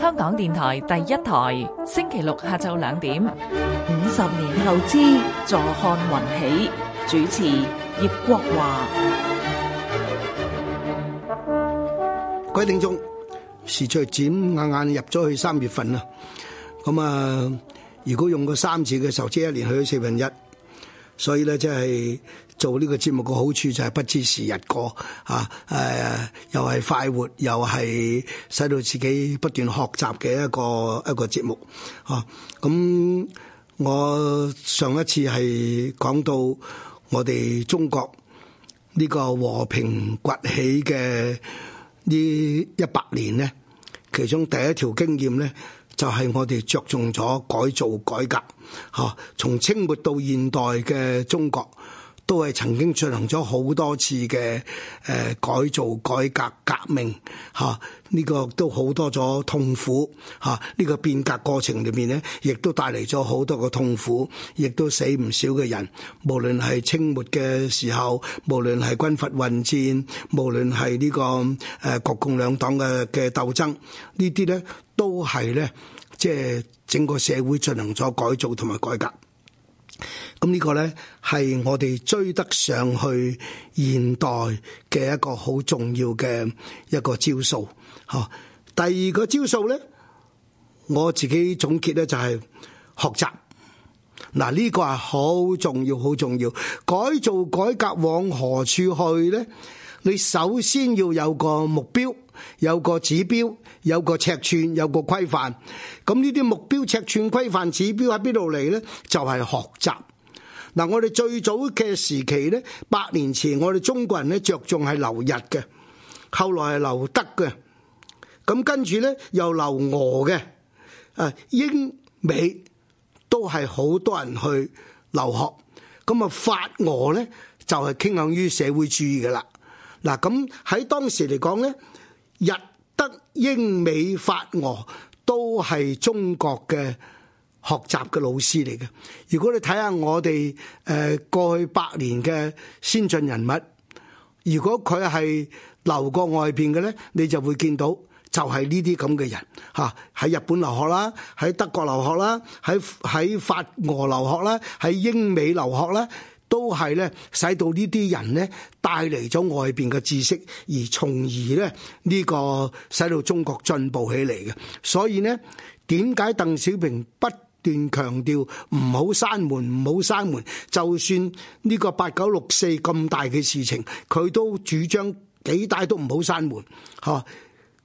香港電台第一台，星期六下晝兩點。五十年後之，坐看雲起。主持葉國華。各位聽眾，時序剪硬硬入咗去三月份啦。咁啊，如果用個三次嘅時候，即係一年去咗四分一，所以咧即係。做呢個節目嘅好處就係不知時日過，啊誒，又係快活，又係使到自己不斷學習嘅一個一個節目，嚇、啊。咁我上一次係講到我哋中國呢個和平崛起嘅呢一百年咧，其中第一條經驗咧，就係、係、我哋着重咗改造改革，嚇、啊。從清末到現代嘅中國。都係曾經進行咗好多次嘅誒改造、改革、革命。嚇，呢個都好多咗痛苦，嚇，呢個變革過程裏面咧，亦都帶嚟咗好多個痛苦，亦都死唔少嘅人。無論係清末嘅時候，無論係軍閥混戰，無論係呢個誒國共兩黨嘅嘅鬥爭，呢啲咧都係咧，即係整個社會進行咗改造同埋改革。咁呢個呢，係我哋追得上去現代嘅一個好重要嘅一個招數，吓。第二個招數呢，我自己總結咧就係學習。嗱，呢個係好重要，好重要。改造改革往何處去呢？你首先要有個目標，有個指標，有個尺寸，有個規範。咁呢啲目標、尺寸、規範、指標喺邊度嚟呢？就係、是、學習嗱。我哋最早嘅時期呢，百年前我哋中國人呢着重係留日嘅，後來係留德嘅，咁跟住呢又留俄嘅。誒、啊、英美都係好多人去留學。咁啊，法俄呢，就係、是、傾向於社會主義噶啦。嗱，咁喺當時嚟講咧，日德英美法俄都係中國嘅學習嘅老師嚟嘅。如果你睇下我哋誒過去百年嘅先進人物，如果佢係留過外邊嘅咧，你就會見到就係呢啲咁嘅人嚇，喺日本留學啦，喺德國留學啦，喺喺法俄留學啦，喺英美留學啦。都係咧，使到呢啲人咧帶嚟咗外邊嘅知識，而從而咧呢個使到中國進步起嚟嘅。所以咧，點解鄧小平不斷強調唔好閂門，唔好閂門？就算呢個八九六四咁大嘅事情，佢都主張幾大都唔好閂門，嚇。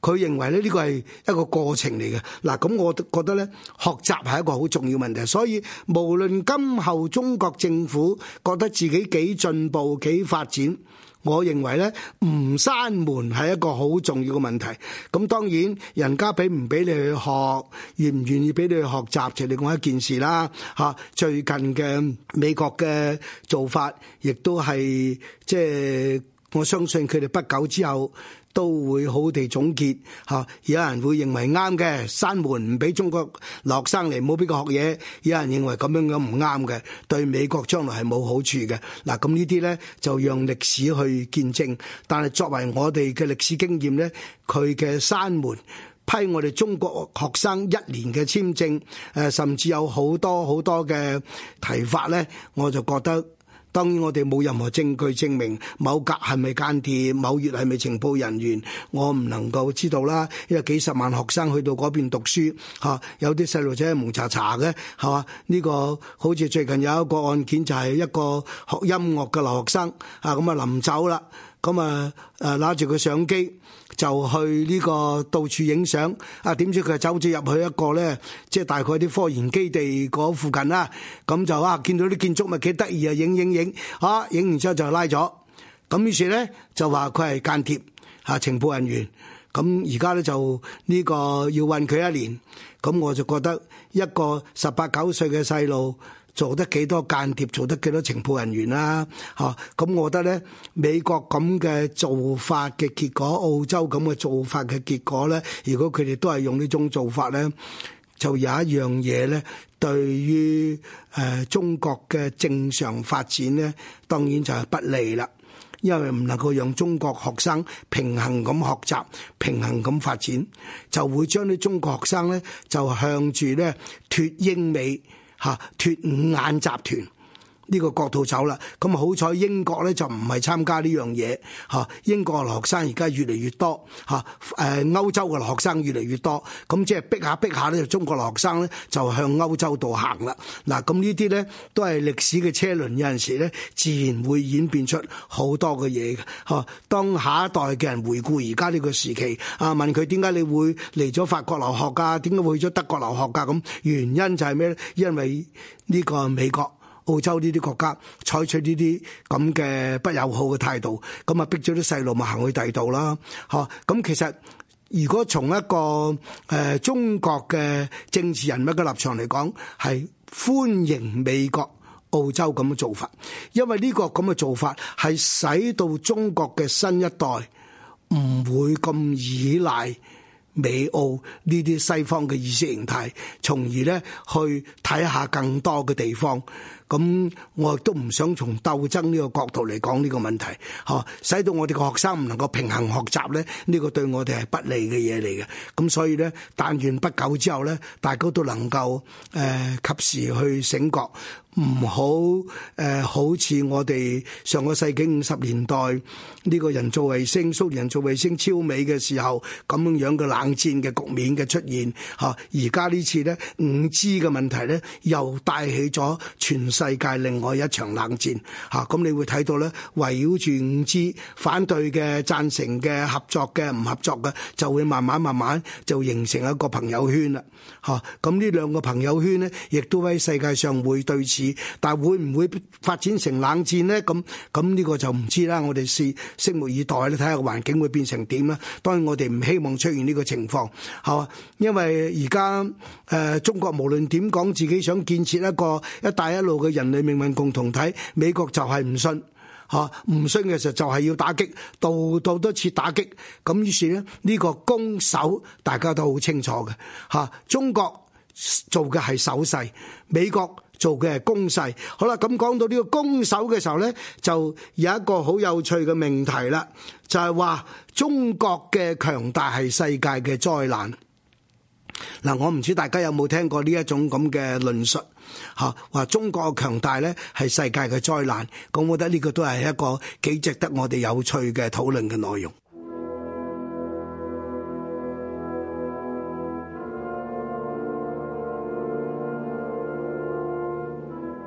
佢認為咧呢個係一個過程嚟嘅，嗱咁我都覺得咧，學習係一個好重要問題。所以無論今後中國政府覺得自己幾進步幾發展，我認為咧唔閂門係一個好重要嘅問題。咁當然，人家俾唔俾你去學，願唔願意俾你去學習，就另外一件事啦。嚇，最近嘅美國嘅做法，亦都係即係我相信佢哋不久之後，都會好地總結嚇，有人會認為啱嘅，山門唔俾中國留學生嚟，冇邊個學嘢；有人認為咁樣樣唔啱嘅，對美國將來係冇好處嘅。嗱，咁呢啲呢，就讓歷史去見證。但係作為我哋嘅歷史經驗呢，佢嘅山門批我哋中國學生一年嘅簽證，誒，甚至有好多好多嘅提法呢，我就覺得。當然，我哋冇任何證據證明某甲係咪間諜，某月係咪情報人員，我唔能夠知道啦。因為幾十萬學生去到嗰邊讀書，嚇有啲細路仔係蒙查查嘅，係嘛？呢個好似最近有一個案件，就係一個學音樂嘅留學生，嚇咁啊臨走啦。咁啊，誒攞住個相機就去呢個到處影相。啊，點知佢走咗入去一個咧，即係大概啲科研基地嗰附近啦。咁就啊，見到啲建築物幾得意啊，影影影啊，影完之後就拉咗。咁於是咧就話佢係間諜啊，情報人員。咁而家咧就呢個要韞佢一年。咁我就覺得一個十八九歲嘅細路。做得幾多間諜，做得幾多情報人員啦？嚇，咁我覺得咧，美國咁嘅做法嘅結果，澳洲咁嘅做法嘅結果咧，如果佢哋都係用呢種做法咧，就有一樣嘢咧，對於誒中國嘅正常發展咧，當然就係不利啦，因為唔能夠讓中國學生平衡咁學習，平衡咁發展，就會將啲中國學生咧就向住咧脱英美。吓，脱五眼集團。呢個角度走啦，咁好彩英國咧就唔係參加呢樣嘢嚇。英國嘅學生而家越嚟越多嚇，誒歐洲嘅學生越嚟越多，咁即係逼下逼下咧，就中國留學生咧就向歐洲度行啦。嗱，咁呢啲咧都係歷史嘅車輪，有陣時咧自然會演變出好多嘅嘢。嚇，當下一代嘅人回顧而家呢個時期啊，問佢點解你會嚟咗法國留學㗎？點解會去咗德國留學㗎？咁原因就係咩咧？因為呢個美國。澳洲呢啲國家採取呢啲咁嘅不友好嘅態度，咁啊逼咗啲細路咪行去第二度啦，嚇！咁其實如果從一個誒中國嘅政治人物嘅立場嚟講，係歡迎美國、澳洲咁嘅做法，因為呢個咁嘅做法係使到中國嘅新一代唔會咁依賴美澳呢啲西方嘅意識形態，從而咧去睇下更多嘅地方。咁我亦都唔想從鬥爭呢個角度嚟講呢個問題吓，使到我哋嘅學生唔能夠平衡學習咧，呢個對我哋係不利嘅嘢嚟嘅。咁所以咧，但願不久之後咧，大家都能夠誒、呃、及時去醒覺唔、呃、好誒好似我哋上個世紀五十年代呢個人造衛星、蘇聯人造衛星超美嘅時候咁樣樣嘅冷戰嘅局面嘅出現吓，而家呢次咧 5G 嘅問題咧又帶起咗全世。世界另外一場冷戰嚇，咁你會睇到咧，圍繞住 5G 反對嘅、贊成嘅、合作嘅、唔合作嘅，就會慢慢慢慢就形成一個朋友圈啦嚇。咁呢兩個朋友圈咧，亦都喺世界上會對峙，但係會唔會發展成冷戰咧？咁咁呢個就唔知啦。我哋是拭目以待啦，睇下環境會變成點啦。當然我哋唔希望出現呢個情況嚇，因為而家誒中國無論點講，自己想建設一個一帶一路嘅。人類命運共同體，美國就係唔信。吓，唔信嘅時候就係要打擊，到度都係打擊，咁於是咧，呢個攻守大家都好清楚嘅，吓，中國做嘅係守勢，美國做嘅係攻勢。好啦，咁講到呢個攻守嘅時候咧，就有一個好有趣嘅命題啦，就係話中國嘅強大係世界嘅災難。嗱，我唔知大家有冇聽過呢一種咁嘅論述。吓話中國嘅強大咧係世界嘅災難，咁我覺得呢個都係一個幾值得我哋有趣嘅討論嘅內容。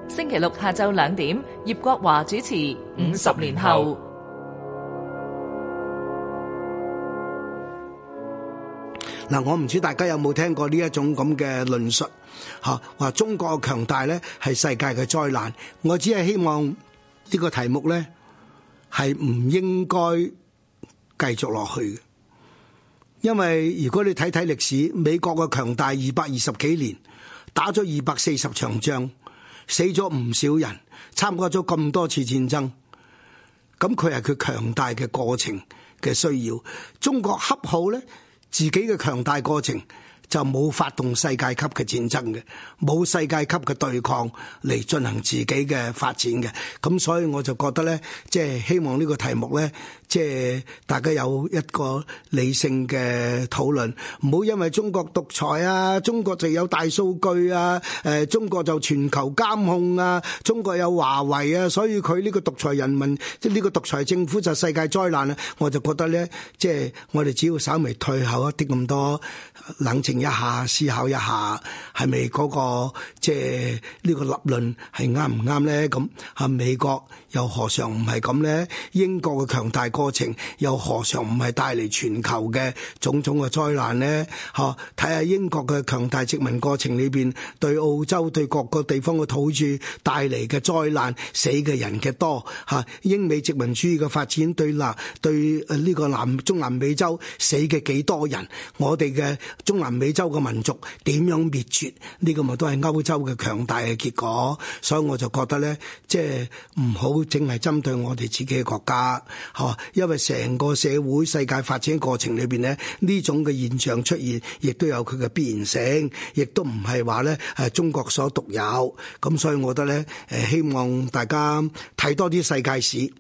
星期六下晝兩點，葉國華主持《五十年後》。嗱，我唔知大家有冇聽過呢一種咁嘅論述，吓話中國嘅強大呢係世界嘅災難。我只係希望呢個題目呢係唔應該繼續落去，因為如果你睇睇歷史，美國嘅強大二百二十幾年，打咗二百四十場仗，死咗唔少人，參加咗咁多次戰爭，咁佢係佢強大嘅過程嘅需要。中國恰好呢。自己嘅強大過程就冇發動世界級嘅戰爭嘅，冇世界級嘅對抗嚟進行自己嘅發展嘅，咁所以我就覺得咧，即係希望呢個題目咧。即係大家有一個理性嘅討論，唔好因為中國獨裁啊，中國就有大數據啊，誒，中國就全球監控啊，中國有華為啊，所以佢呢個獨裁人民，即係呢個獨裁政府就世界災難啊。我就覺得咧，即係我哋只要稍微退後一啲咁多，冷靜一下，思考一下是是、那個，係咪嗰個即係呢個立論係啱唔啱咧？咁啊，美國。又何嘗唔係咁咧？英國嘅強大過程又何嘗唔係帶嚟全球嘅種種嘅災難咧？吓，睇下英國嘅強大殖民過程裏邊對澳洲、對各個地方嘅土著帶嚟嘅災難，死嘅人嘅多吓。英美殖民主義嘅發展對南對呢個南中南美洲死嘅幾多人，我哋嘅中南美洲嘅民族點樣滅絕？呢個咪都係歐洲嘅強大嘅結果。所以我就覺得咧，即係唔好。正係針對我哋自己嘅國家，嚇，因為成個社會世界發展過程裏邊咧，呢種嘅現象出現，亦都有佢嘅必然性，亦都唔係話咧中國所獨有。咁所以，我覺得咧，希望大家睇多啲世界史，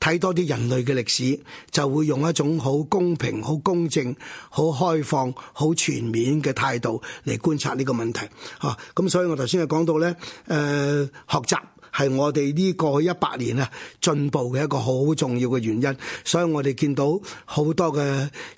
睇多啲人類嘅歷史，就會用一種好公平、好公正、好開放、好全面嘅態度嚟觀察呢個問題，嚇。咁所以我剛才，我頭先就講到咧，誒，學習。係我哋呢個一百年啊，進步嘅一個好重要嘅原因，所以我哋見到好多嘅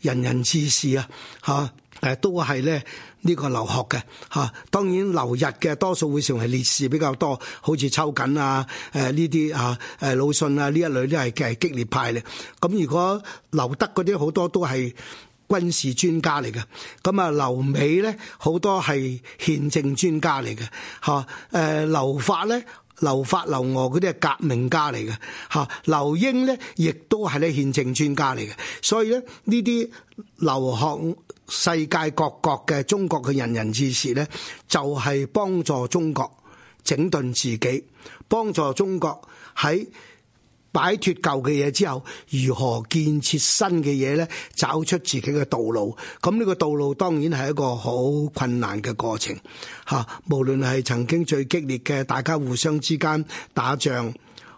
仁人志士啊，嚇誒都係咧呢個留學嘅嚇、啊。當然留日嘅多數會成為烈士比較多，好似秋瑾啊誒呢啲嚇誒魯迅啊呢一類都係係激烈派嚟。咁如果留德嗰啲好多都係軍事專家嚟嘅，咁啊留美咧好多係憲政專家嚟嘅嚇誒留法咧。留法留俄嗰啲係革命家嚟嘅，嚇，留英咧亦都係啲憲政專家嚟嘅，所以咧呢啲留學世界各國嘅中國嘅仁人志士咧，就係幫助中國整頓自己，幫助中國喺。擺脫舊嘅嘢之後，如何建設新嘅嘢咧？找出自己嘅道路，咁呢個道路當然係一個好困難嘅過程。嚇，無論係曾經最激烈嘅大家互相之間打仗，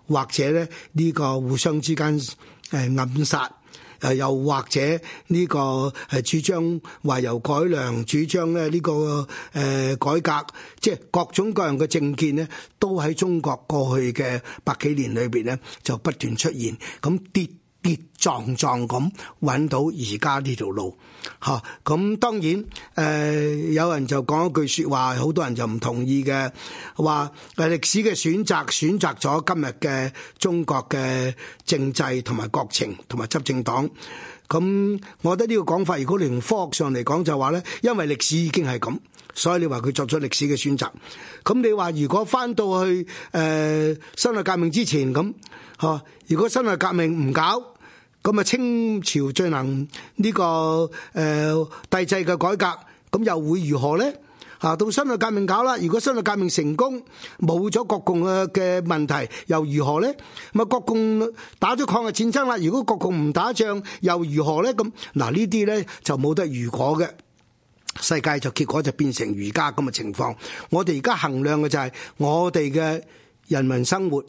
或者咧呢個互相之間誒暗殺。誒，又或者呢個主張話由改良主張咧，呢個誒改革，即係各種各樣嘅政見咧，都喺中國過去嘅百幾年裏面，咧，就不斷出現，咁跌跌撞撞咁搵到而家呢條路。吓，咁當然誒、呃，有人就講一句說話，好多人就唔同意嘅，話歷史嘅選擇選擇咗今日嘅中國嘅政制同埋國情同埋執政黨。咁，我覺得呢個講法，如果你從科學上嚟講，就話咧，因為歷史已經係咁，所以你話佢作出歷史嘅選擇。咁你話如果翻到去誒辛亥革命之前咁，吓，如果辛亥革命唔搞？咁啊，清朝進行呢個誒、呃、帝制嘅改革，咁又會如何咧？吓，到辛亥革命搞啦。如果辛亥革命成功，冇咗國共嘅嘅問題，又如何咧？咁啊，國共打咗抗日戰爭啦。如果國共唔打仗，又如何咧？咁嗱，呢啲咧就冇得如果嘅，世界就結果就變成而家咁嘅情況。我哋而家衡量嘅就係我哋嘅人民生活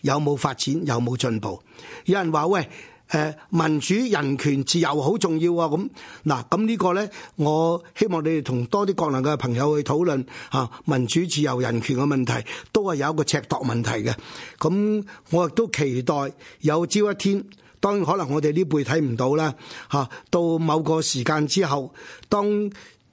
有冇發展，有冇進步。有人話喂。誒民主、人權、自由好重要啊！咁嗱，咁呢個呢，我希望你哋同多啲國內嘅朋友去討論嚇，民主、自由、人權嘅問題，都係有一個尺度問題嘅。咁我亦都期待有朝一天，當然可能我哋呢輩睇唔到啦嚇，到某個時間之後，當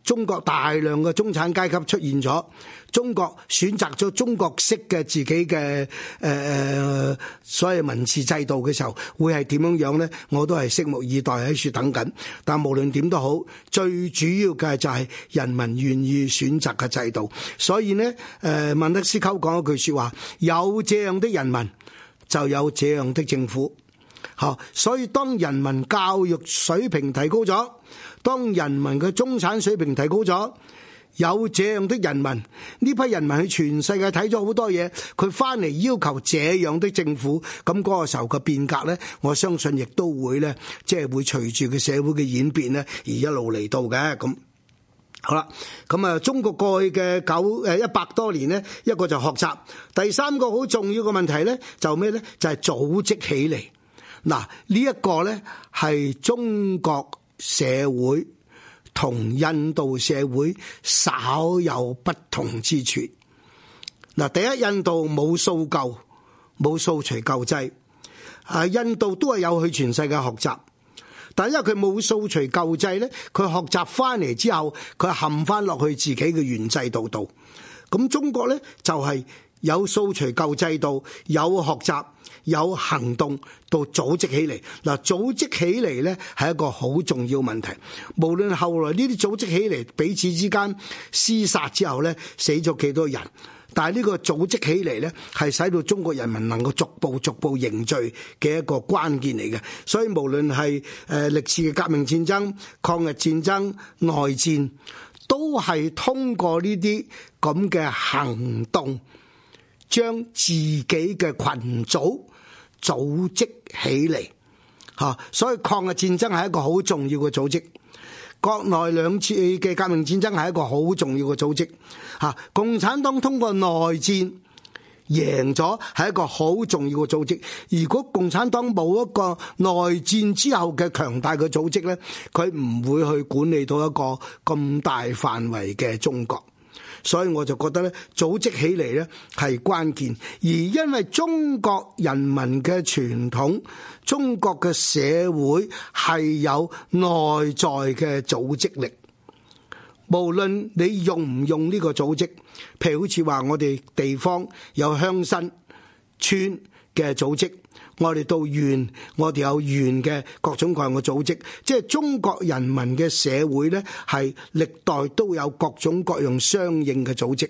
中國大量嘅中產階級出現咗。中國選擇咗中國式嘅自己嘅誒、呃、所謂文字制度嘅時候會係點樣樣呢？我都係拭目以待喺處等緊。但無論點都好，最主要嘅就係人民願意選擇嘅制度。所以呢，誒、呃，孟德斯鳩講一句說話：有這樣的人民，就有這樣的政府。嚇！所以當人民教育水平提高咗，當人民嘅中產水平提高咗。有這樣的人民，呢批人民喺全世界睇咗好多嘢，佢翻嚟要求這樣的政府，咁嗰個時候嘅變革呢，我相信亦都會呢，即係會隨住佢社會嘅演變呢而一路嚟到嘅咁。好啦，咁啊，中國過去嘅九一百多年呢，一個就學習，第三個好重要嘅問題呢，就咩呢？就係組織起嚟。嗱，呢一個呢，係中國社會，同印度社會稍有不同之處。嗱，第一，印度冇掃舊，冇掃除舊制。啊，印度，印度都係有去全世界學習，但因為佢冇掃除舊制咧，佢學習翻嚟之後，佢冚翻落去自己嘅原制度度。咁中國咧就係、是。有掃除舊制度，有學習，有行動，到組織起嚟嗱。組織起嚟咧，係一個好重要問題。無論後來呢啲組織起嚟彼此之間廝殺之後咧，死咗幾多人，但係呢個組織起嚟咧，係使到中國人民能夠逐步逐步凝聚嘅一個關鍵嚟嘅。所以無論係誒歷次革命戰爭、抗日戰爭、內戰，都係通過呢啲咁嘅行動。將自己嘅群組組織起嚟，吓，所以抗日戰爭係一個好重要嘅組織，國內兩次嘅革命戰爭係一個好重要嘅組織，吓，共產黨通過內戰贏咗係一個好重要嘅組織。如果共產黨冇一個內戰之後嘅強大嘅組織呢，佢唔會去管理到一個咁大範圍嘅中國。所以我就覺得咧，組織起嚟咧係關鍵，而因為中國人民嘅傳統，中國嘅社會係有內在嘅組織力，無論你用唔用呢個組織，譬如好似話我哋地方有鄉紳村嘅組織。我哋到縣，我哋有縣嘅各種各樣嘅組織，即係中國人民嘅社會咧，係歷代都有各種各樣相應嘅組織。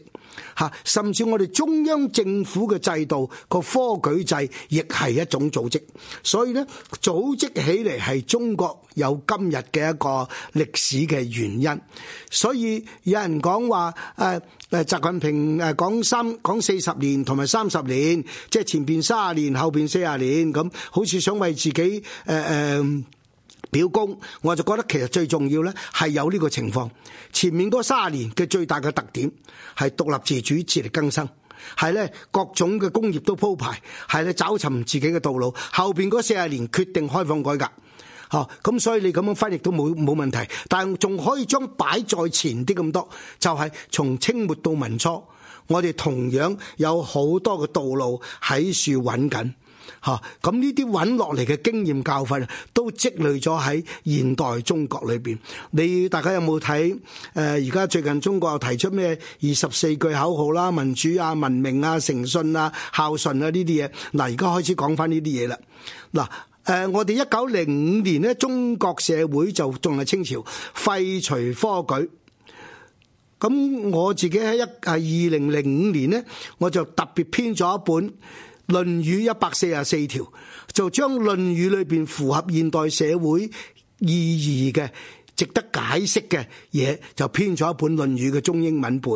嚇！甚至我哋中央政府嘅制度，個科舉制亦係一種組織，所以咧組織起嚟，係中國有今日嘅一個歷史嘅原因。所以有人講話，誒誒習近平誒講三講四十年同埋三十年，即係前邊三十年後邊四十年咁，好似想為自己誒誒。表功，我就覺得其實最重要呢係有呢個情況。前面嗰三十年嘅最大嘅特點係獨立自主、自力更生，係呢各種嘅工業都鋪排，係咧找尋自己嘅道路。後面嗰四十年決定開放改革，咁所以你咁樣翻譯都冇冇問題。但係仲可以將擺在前啲咁多，就係從清末到民初。我哋同樣有好多嘅道路喺處揾緊，咁呢啲揾落嚟嘅經驗教訓都積累咗喺現代中國裏面。你大家有冇睇？誒而家最近中國又提出咩二十四句口號啦，民主啊、文明啊、誠信啊、孝順啊呢啲嘢。嗱，而家開始講返呢啲嘢啦。嗱，我哋一九零五年咧，中國社會就仲係清朝廢除科舉。咁我自己喺一係二零零五年咧，我就特別編咗一本《論語一百四十四條》，就將《論語》裏邊符合現代社會意義嘅。值得解釋嘅嘢就編咗一本《論語》嘅中英文本。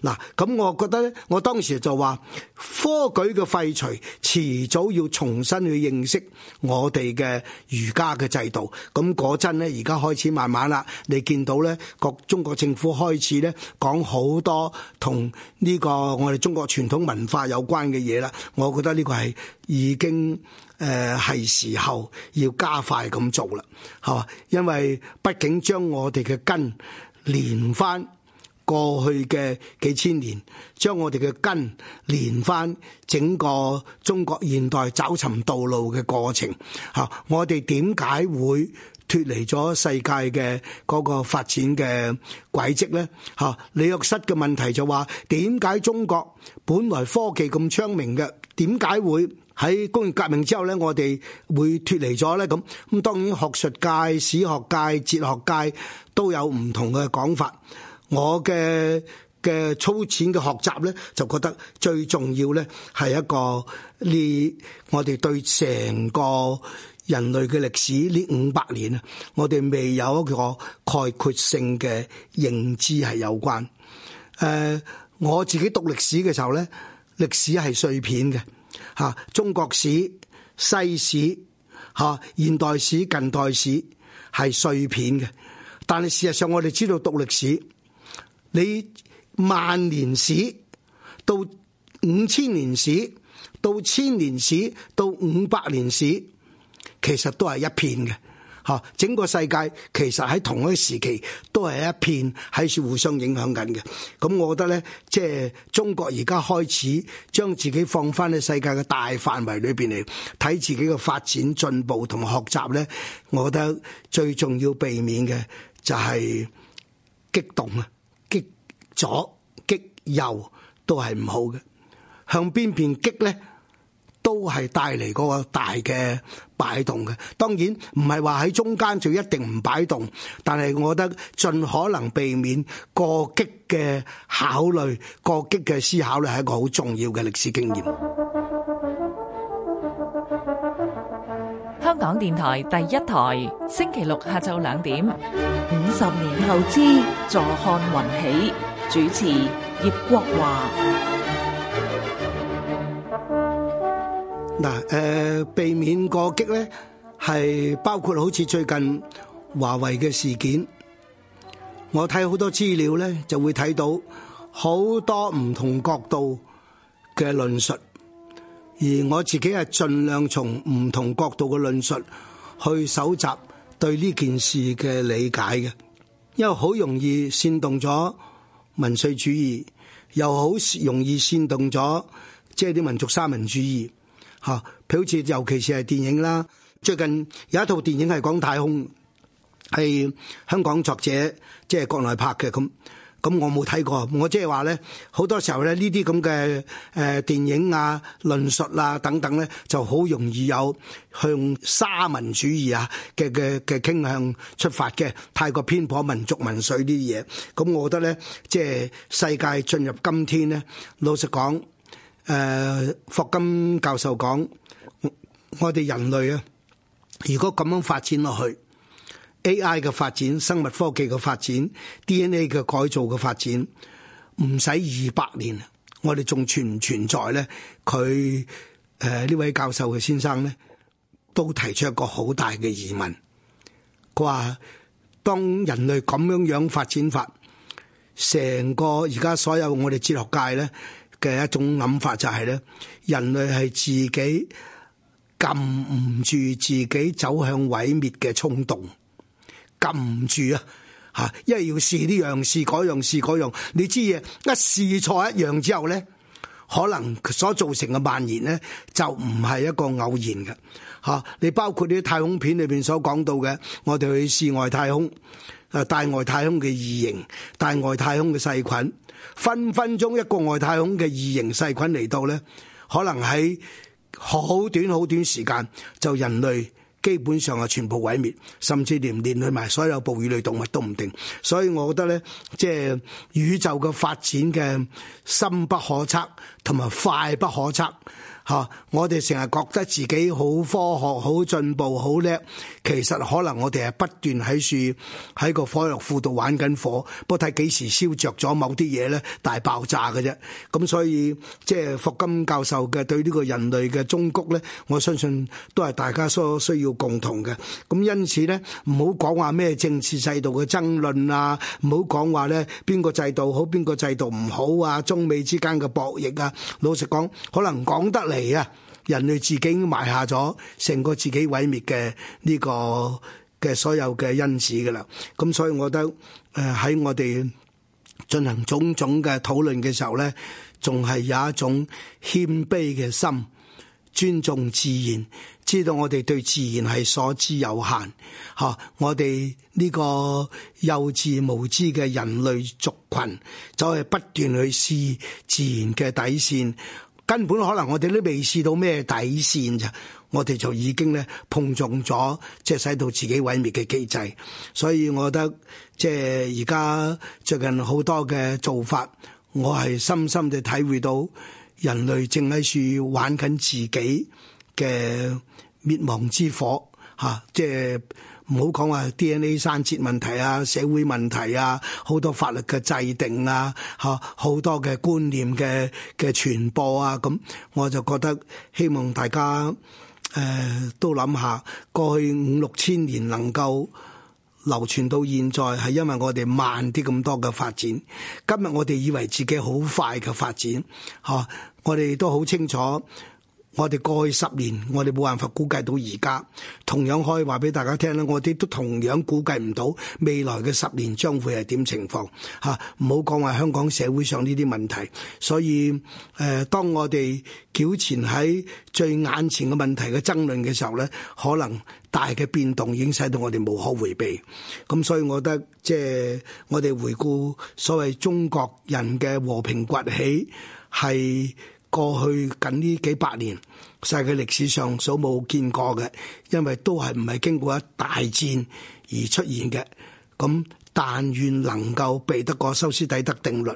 嗱，咁我覺得咧，我當時就話科舉嘅廢除遲早要重新去認識我哋嘅儒家嘅制度。咁嗰陣咧，而家開始慢慢啦，你見到咧，各中國政府開始咧，講好多同呢個我哋中國傳統文化有關嘅嘢啦。我覺得呢個係已經。誒，係、呃、時候要加快咁做啦，吓，因為畢竟將我哋嘅根連翻過去嘅幾千年，將我哋嘅根連翻整個中國現代找尋道路嘅過程，吓，我哋點解會脫離咗世界嘅嗰個發展嘅軌跡咧？吓，李約瑟嘅問題就話，點解中國本來科技咁昌明嘅，點解會？喺工業革命之後咧，我哋會脫離咗咧咁。咁當然學術界、史學界、哲學界都有唔同嘅講法。我嘅嘅粗淺嘅學習咧，就覺得最重要咧係一個呢，我哋對成個人類嘅歷史呢五百年啊，我哋未有一個概括性嘅認知係有關。誒，我自己讀歷史嘅時候咧，歷史係碎片嘅。吓，中國史、西史、吓現代史、近代史係碎片嘅，但係事實上我哋知道讀歷史，你萬年史到五千年史到千年史到五百年史，其實都係一片嘅。嚇！整個世界其實喺同一個時期都係一片喺互相影響緊嘅。咁我覺得咧，即係中國而家開始將自己放翻喺世界嘅大範圍裏面嚟睇自己嘅發展進步同學習咧，我覺得最重要避免嘅就係激動啊、激左、激右都係唔好嘅。向邊邊激咧？都係帶嚟嗰個大嘅擺動嘅，當然唔係話喺中間就一定唔擺動，但係我覺得盡可能避免過激嘅考慮、過激嘅思考咧，係一個好重要嘅歷史經驗。香港電台第一台，星期六下晝兩點，五十年後之坐看雲起，主持葉國華。嗱，誒、呃，避免過激呢，係包括好似最近華為嘅事件，我睇好多資料呢，就會睇到好多唔同角度嘅論述，而我自己係盡量從唔同角度嘅論述去搜集對呢件事嘅理解嘅，因為好容易煽動咗民粹主義，又好容易煽動咗即係啲民族沙文主義。嚇，譬好似尤其是係電影啦，最近有一套電影係講太空，係香港作者即係、就是、國內拍嘅咁，咁我冇睇過，我即係話咧，好多時候咧呢啲咁嘅誒電影啊、論述啊等等咧，就好容易有向沙文主義啊嘅嘅嘅傾向出發嘅，太過偏頗民族民粹呢啲嘢。咁我覺得咧，即、就、係、是、世界進入今天咧，老實講。誒,霍金教授講：我哋人類啊，如果咁樣發展落去，AI 嘅發展、生物科技嘅發展、DNA 嘅改造嘅發展，唔使二百年，我哋仲存唔存在咧？佢誒呢位教授嘅先生咧，都提出一個好大嘅疑問。佢話：當人類咁樣樣發展法，成個而家所有我哋哲學界咧。嘅一種諗法就係咧，人類係自己禁唔住自己走向毀滅嘅衝動，禁唔住啊！嚇，因為要試呢樣試嗰樣試嗰樣，你知嘢一試錯一樣之後咧，可能所造成嘅蔓延咧就唔係一個偶然嘅嚇。你包括啲太空片裏邊所講到嘅，我哋去試外太空。啊！大外太空嘅異形、大外太空嘅細菌，分分鐘一個外太空嘅異形細菌嚟到呢，可能喺好短好短時間，就人類基本上全部毀滅，甚至連連佢埋所有哺乳類動物都唔定。所以，我覺得呢，即係宇宙嘅發展嘅深不可測，同埋快不可測。嚇！我哋成日覺得自己好科學、好進步、好叻，其實可能我哋係不斷喺樹喺個火藥庫度玩緊火，不過睇幾時燒著咗某啲嘢咧，大爆炸嘅啫。咁所以即係霍金教授嘅對呢個人類嘅忠告咧，我相信都係大家所需要共同嘅。咁因此咧，唔好講話咩政治制度嘅爭論啊，唔好講話咧邊個制度好、邊個制度唔好啊，中美之間嘅博弈啊，老實講，可能講得嚟。啊！人類自己埋下咗成個自己毀滅嘅呢個嘅所有嘅因子噶啦。咁所以我覺得，誒喺我哋進行種種嘅討論嘅時候咧,仲係有一種謙卑嘅心，尊重自然，知道我哋對自然係所知有限。吓，我哋呢個幼稚無知嘅人類族群，就係不斷去試自然嘅底線。根本可能我哋都未試到咩底線咋，我哋就已經咧碰撞咗，即係使到自己毀滅嘅機制。所以，我覺得即係而家最近好多嘅做法，我係深深地體會到人類正喺處玩緊自己嘅滅亡之火嚇，即係。就是唔好講話 DNA 刪截問題啊，社會問題啊，好多法律嘅制定啊，嚇好多嘅觀念嘅嘅傳播啊，咁我就覺得希望大家誒都諗下，過去五六千年能夠流傳到現在，係因為我哋慢啲咁多嘅發展。今日我哋以為自己好快嘅發展，嚇我哋都好清楚。我哋過去十年，我哋冇辦法估計到而家，同樣可以話俾大家聽咧。我哋都同樣估計唔到未來嘅十年將會係點情況吓。唔好講話香港社會上呢啲問題，所以誒，當我哋糾纏喺最眼前嘅問題嘅爭論嘅時候咧，可能大嘅變動已經使到我哋無可迴避。咁所以，我覺得即係我哋回顧所謂中國人嘅和平崛起係。過去近呢幾百年世界歷史上所冇見過嘅，因為都係唔係經過一大戰而出現嘅。咁但願能夠避得過修斯底德定律，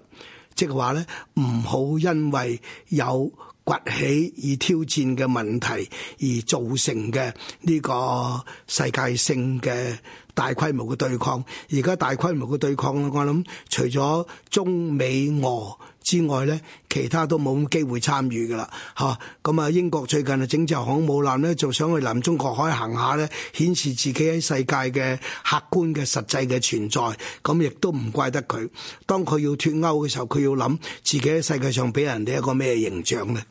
即係話咧，唔好因為有崛起而挑戰嘅問題而造成嘅呢個世界性嘅大規模嘅對抗。而家大規模嘅對抗，我諗除咗中美俄。之外咧，其他都冇機會參與噶啦，嚇！咁、嗯、啊，英國最近啊整隻航空母艦咧，就想去南中國海行下咧，顯示自己喺世界嘅客觀嘅實際嘅存在。咁亦都唔怪得佢，當佢要脱歐嘅時候，佢要諗自己喺世界上俾人哋一個咩形象咧，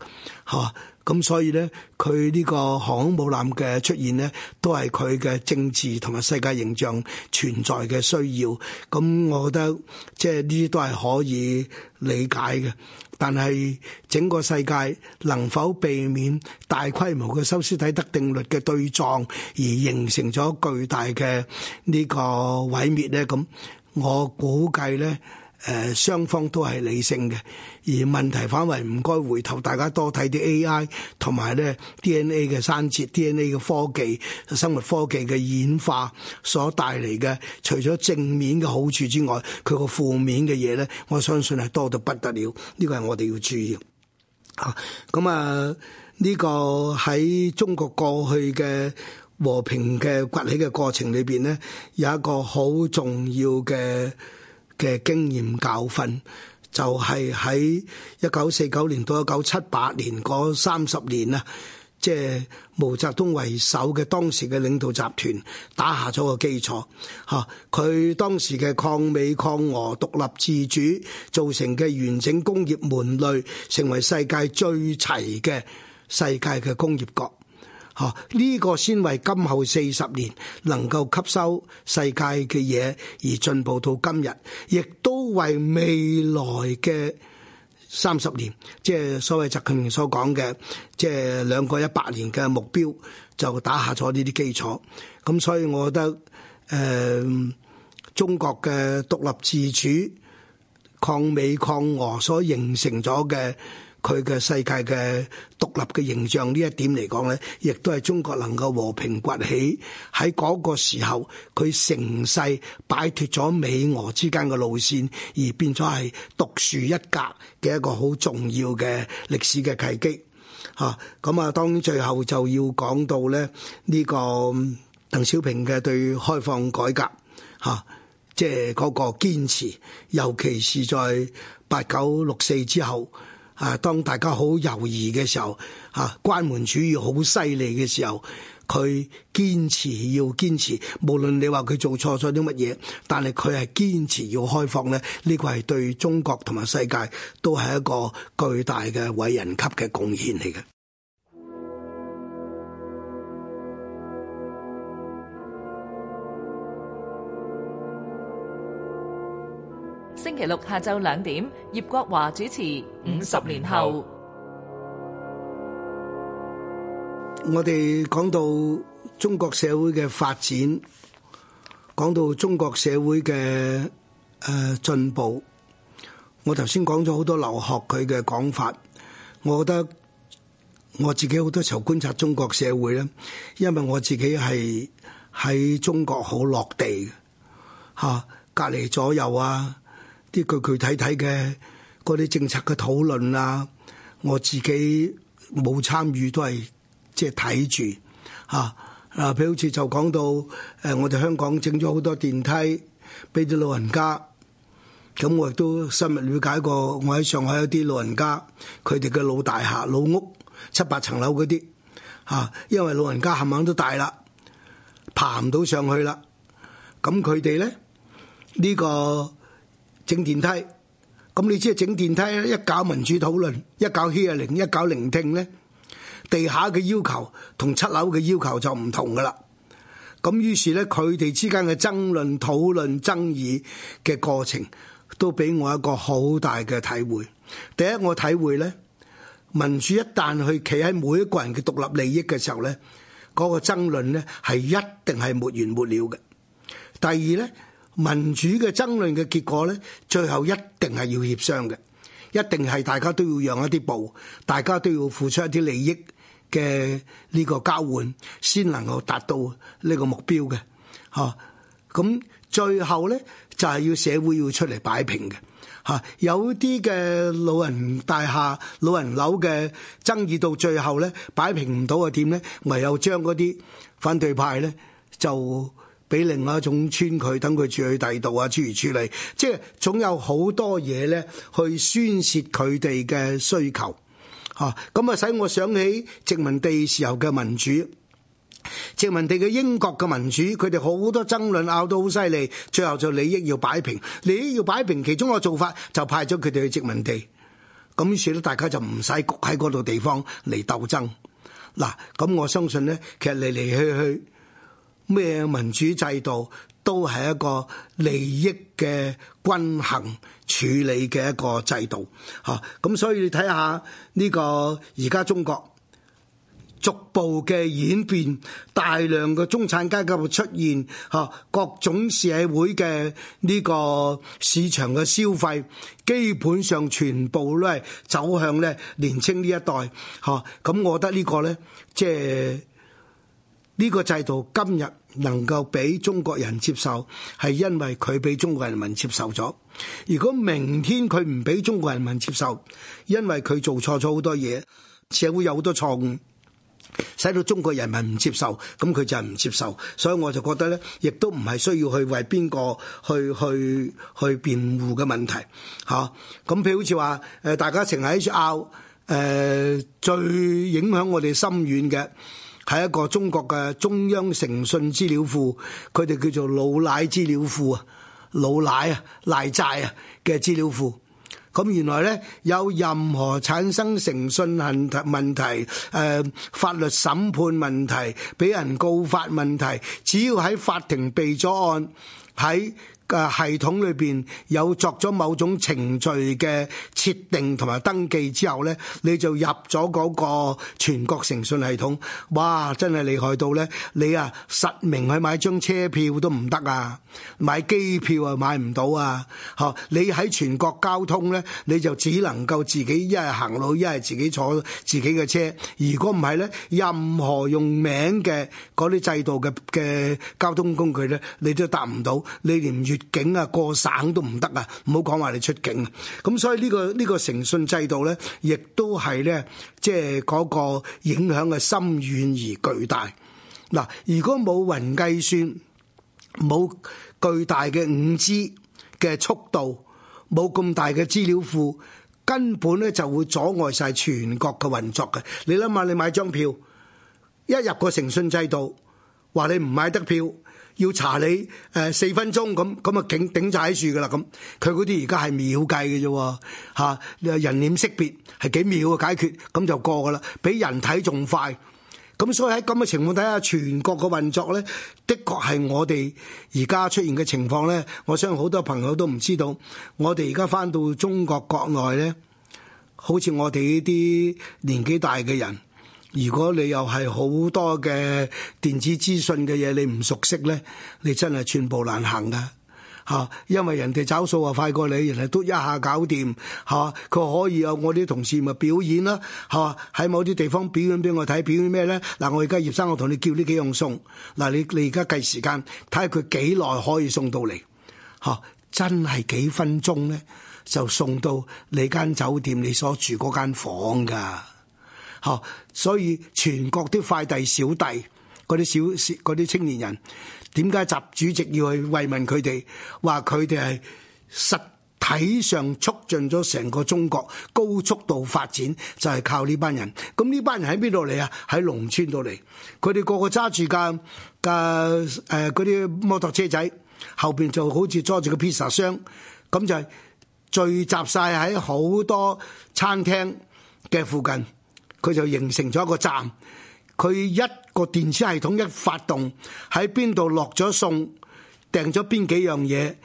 嚇！咁所以咧，佢呢個航空母艦嘅出現咧，都係佢嘅政治同埋世界形象存在嘅需要。咁我覺得即係呢啲都係可以理解嘅。但係整個世界能否避免大規模嘅修昔底德定律嘅對撞而形成咗巨大嘅呢個毀滅咧？咁我估計咧。誒，雙方都係理性嘅，而問題反為唔該回頭，大家多睇啲 AI 同埋咧 DNA 嘅生設、DNA 嘅科技、生活科技嘅演化所帶嚟嘅，除咗正面嘅好處之外，佢個負面嘅嘢咧，我相信係多到不得了。呢個係我哋要注意嚇。咁啊，呢、啊呢個喺中國過去嘅和平嘅崛起嘅過程裏面咧，有一個好重要嘅。嘅經驗教訓就係喺一九四九年到一九七八年嗰三十年啊，即係毛澤東為首嘅當時嘅領導集團打下咗個基礎嚇。佢當時嘅抗美抗俄、獨立自主造成嘅完整工業門類，成為世界最齊嘅世界嘅工業國。呢、哦呢個先為今後四十年能夠吸收世界嘅嘢而進步到今日，亦都為未來嘅三十年，即係所謂習近平所講嘅即係兩個一百年嘅目標，就打下咗呢啲基礎。咁所以，我覺得、呃、中國嘅獨立自主、抗美抗俄所形成咗嘅。佢嘅世界嘅獨立嘅形象呢一點嚟講咧，亦都係中國能夠和平崛起喺嗰個時候，佢成世擺脱咗美俄之間嘅路線，而變咗係獨樹一格嘅一個好重要嘅歷史嘅契機。嚇、啊，咁啊，當然最後就要講到咧呢個鄧小平嘅對開放改革嚇，即係嗰個堅持，尤其是在八九六四之後。啊！當大家好猶豫嘅時候，啊，關門主義好犀利嘅時候，佢堅持要堅持，無論你話佢做錯咗啲乜嘢，但係佢係堅持要開放咧，呢、呢個係對中國同埋世界都係一個巨大嘅偉人級嘅貢獻嚟嘅。星期六下晝兩點，葉國華主持《五十年後》。我哋講到中國社會嘅發展，講到中國社會嘅誒進步。我頭先講咗好多留學佢嘅講法，我覺得我自己好多時候觀察中國社會咧，因為我自己係喺中國好落地吓，隔籬左右啊。啲具具體體嘅嗰啲政策嘅討論啦、啊，我自己冇參與，都係即係睇住嚇嗱。譬、就是啊、如好似就講到誒，我哋香港整咗好多電梯俾啲老人家，咁我亦都深入瞭解過。我喺上海有啲老人家，佢哋嘅老大廈、老屋七八層樓嗰啲嚇，因為老人家冚唪唥都大啦，爬唔到上去啦。咁佢哋咧呢、呢個。整電梯，咁你知啊？整電梯咧，一搞民主討論，一搞 hearing，一搞聆聽咧，地下嘅要求同七樓嘅要求就唔同噶啦。咁於是咧，佢哋之間嘅爭論、討論、爭議嘅過程，都俾我一個好大嘅體會。第一，我體會咧，民主一旦去企喺每一個人嘅獨立利益嘅時候咧，嗰個爭論咧係一定係沒完沒了嘅。第二咧。民主嘅爭論嘅結果咧，最後一定係要協商嘅，一定係大家都要讓一啲步，大家都要付出一啲利益嘅呢個交換先能夠達到呢個目標嘅。吓、啊，咁最後咧就係、是、要社會要出嚟擺平嘅。吓、啊，有啲嘅老人大廈老人樓嘅爭議到最後咧擺平唔到嘅，點咧，唯有將嗰啲反對派咧就。俾另外一種村佢，等佢住去第度啊，諸如此類，即係總有好多嘢咧去宣泄佢哋嘅需求，咁啊！就使我想起殖民地時候嘅民主，殖民地嘅英國嘅民主，佢哋好多爭論拗到好犀利，最後就利益要擺平，利益要擺平，其中嘅做法就派咗佢哋去殖民地，咁於是咧大家就唔使喺嗰度地方嚟鬥爭，嗱、啊，咁我相信咧，其實嚟嚟去去。咩民主制度都係一個利益嘅均衡處理嘅一個制度，吓，咁所以你睇下呢個而家中國逐步嘅演變，大量嘅中產階級嘅出現，吓，各種社會嘅呢個市場嘅消費，基本上全部咧走向咧年青呢一代，吓咁我覺得呢個咧即係呢個制度今日。能夠俾中國人接受，係因為佢俾中國人民接受咗。如果明天佢唔俾中國人民接受，因為佢做錯咗好多嘢，社會有好多錯誤，使到中國人民唔接受，咁佢就係唔接受。所以我就覺得呢，亦都唔係需要去為邊個去去去辯護嘅問題嚇。咁譬如好似話，誒大家成日喺度拗，誒最影響我哋心願嘅。係一個中國嘅中央誠信資料庫，佢哋叫做老賴資料庫啊，老賴啊，賴債啊嘅資料庫。咁原來咧，有任何產生誠信問題、問題、誒法律審判問題、俾人告發問題，只要喺法庭備咗案喺，嘅系統裏邊有作咗某種程序嘅設定同埋登記之後咧，你就入咗個全國誠信系統，哇！真係厲害到咧，你啊實名去買張車票都唔得啊，買機票啊買唔到啊。吓，你喺全國交通咧，你就只能夠自己一係行路，一係自己坐自己嘅車，如果唔係咧，任何用名嘅啲制度嘅嘅交通工具咧，你都搭唔到，你連月境啊，過省都唔得啊！唔好講話你出境啊，咁所以呢個呢個誠信制度呢，亦都係呢，即係嗰個影響嘅深遠而巨大。嗱，如果冇雲計算，冇巨大嘅五 G 嘅速度，冇咁大嘅資料庫，根本呢就會阻礙晒全國嘅運作嘅。你諗下，你買張票，一入個誠信制度，話你唔買得票。要查你誒、呃、四分鐘咁咁啊，頂頂炸喺樹噶啦咁，佢嗰啲而家係秒計嘅啫喎，嚇人臉識別係幾秒嘅解決，咁就過噶啦，比人體仲快。咁所以喺咁嘅情況底下，全國嘅運作咧，的確係我哋而家出現嘅情況咧，我相信好多朋友都唔知道，我哋而家返到中國國內咧，好似我哋呢啲年紀大嘅人。如果你又係好多嘅電子資訊嘅嘢，你唔熟悉咧，你真係寸步難行噶吓，因為人哋找數啊快過你，人哋都一下搞掂吓，佢可以有我啲同事咪表演啦吓，喺某啲地方表演俾我睇，表演咩咧？嗱，我而家葉生，我同你叫呢幾樣餸嗱，你你而家計時間，睇下佢幾耐可以送到嚟吓，真係幾分鐘咧就送到你間酒店你所住嗰間房噶。嗬，所以全國啲快遞小弟嗰啲小嗰啲青年人點解習主席要去慰問佢哋？話佢哋係實體上促進咗成個中國高速度發展，就係、是、靠呢班人。咁呢班人喺邊度嚟啊？喺農村度嚟，佢哋個個揸住架架誒嗰啲摩托車仔，後邊就好似揸住個披薩箱，咁就係聚集晒喺好多餐廳嘅附近。佢就形成咗一個站，佢一個電子系統一發動，喺邊度落咗餸，訂咗邊幾樣嘢，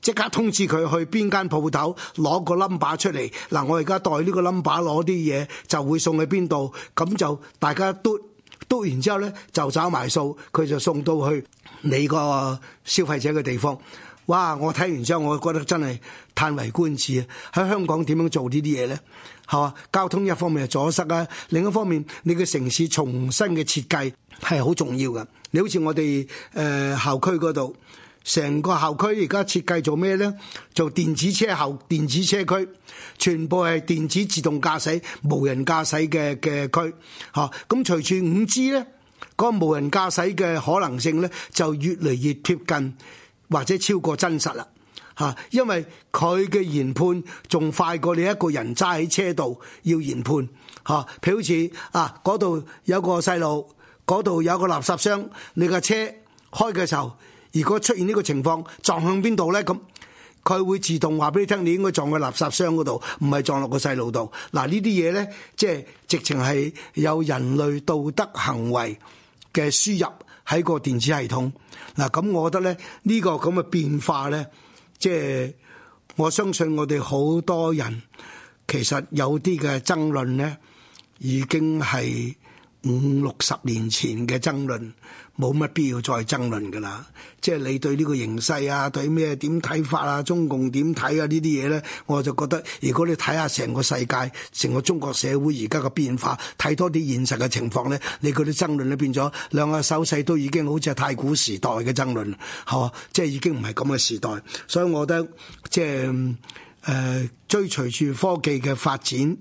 即刻通知佢去邊間鋪頭攞個冧把出嚟。嗱，我而家代呢個冧把攞啲嘢，就會送去邊度，咁就大家嘟嘟完之後呢，就找埋數，佢就送到去你個消費者嘅地方。哇！我睇完之後，我覺得真係嘆為觀止啊！喺香港點樣做呢啲嘢呢？嚇，交通一方面係阻塞啊，另一方面你嘅城市重新嘅設計係好重要嘅。你好似我哋誒、呃、校區嗰度，成個校區而家設計做咩呢？做電子車後，電子車區，全部係電子自動駕駛、無人駕駛嘅嘅區。嚇，咁隨住五 G 呢，個、嗰個無人駕駛嘅可能性呢，就越嚟越貼近。或者超過真實啦，嚇！因為佢嘅研判仲快過你一個人揸喺車度要研判，嚇！譬如好似啊嗰度有個細路，嗰度有個垃圾箱，你個車開嘅時候，如果出現呢個情況，撞向邊度呢？咁佢會自動話俾你聽，你應該撞去垃圾箱嗰度，唔係撞落個細路度。嗱，呢啲嘢呢，即係直情係有人類道德行為嘅輸入。喺個電子系統嗱，咁我覺得咧，呢個咁嘅變化咧，即係我相信我哋好多人其實有啲嘅爭論咧，已經係，五六十年前嘅爭論冇乜必要再爭論㗎啦。即係你對呢個形勢啊，對咩點睇法啊，中共點睇啊，呢啲嘢呢，我就覺得，如果你睇下成個世界，成個中國社會而家嘅變化，睇多啲現實嘅情況呢，你嗰啲爭論咧變咗兩個手勢，都已經好似係太古時代嘅爭論，嚇，即係已經唔係咁嘅時代。所以我覺得，即係誒、呃、追隨住科技嘅發展。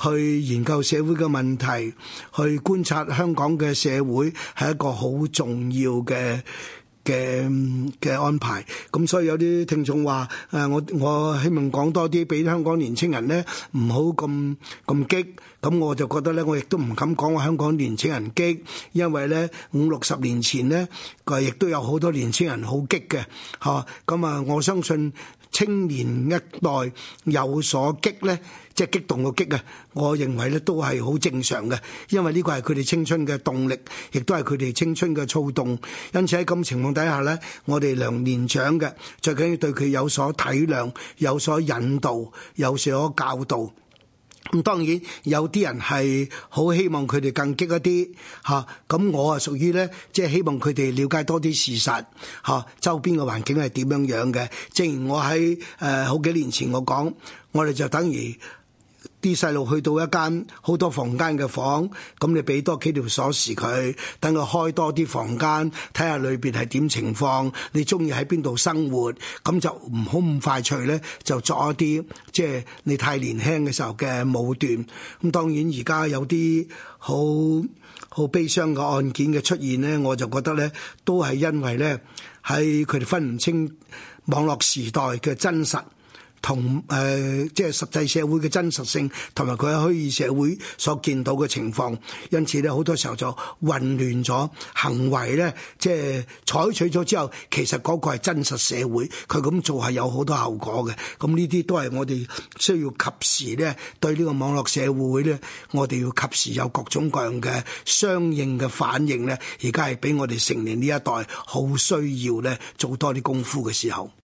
去研究社會嘅問題，去觀察香港嘅社會，係一個好重要嘅嘅嘅安排。咁所以有啲聽眾話，誒，我我希望講多啲俾香港年青人咧，唔好咁咁激。咁我就覺得咧，我亦都唔敢講話香港年青人激，因為咧五六十年前咧，佢亦都有好多年青人好激嘅，嚇。咁啊，我相信。青年一代有所激呢，即係激動個激啊！我認為咧都係好正常嘅，因為呢個係佢哋青春嘅動力，亦都係佢哋青春嘅躁動。因此喺咁情況底下呢，我哋良年長嘅最緊要對佢有所體諒、有所引導、有所教導。咁當然有啲人係好希望佢哋更激一啲吓，咁我啊屬於呢，即係希望佢哋了解多啲事實吓，周邊嘅環境係點樣樣嘅。正如我喺誒好幾年前我講，我哋就等於。啲細路去到一間好多房間嘅房，咁你俾多幾條鎖匙佢，等佢開多啲房間，睇下裏面係點情況。你中意喺邊度生活，咁就唔好咁快脆咧，就作一啲即係你太年輕嘅時候嘅武斷。咁當然而家有啲好好悲傷嘅案件嘅出現咧，我就覺得咧，都係因為咧喺佢哋分唔清網絡時代嘅真實。同誒，呃，即係實際社會嘅真實性，同埋佢喺虛擬社會所見到嘅情況，因此咧好多時候就混亂咗行為咧，即係採取咗之後，其實嗰個係真實社會，佢咁做係有好多後果嘅。咁呢啲都係我哋需要及時咧，對呢個網絡社會咧，我哋要及時有各種各樣嘅相應嘅反應咧。而家係俾我哋成年呢一代好需要咧，做多啲功夫嘅時候。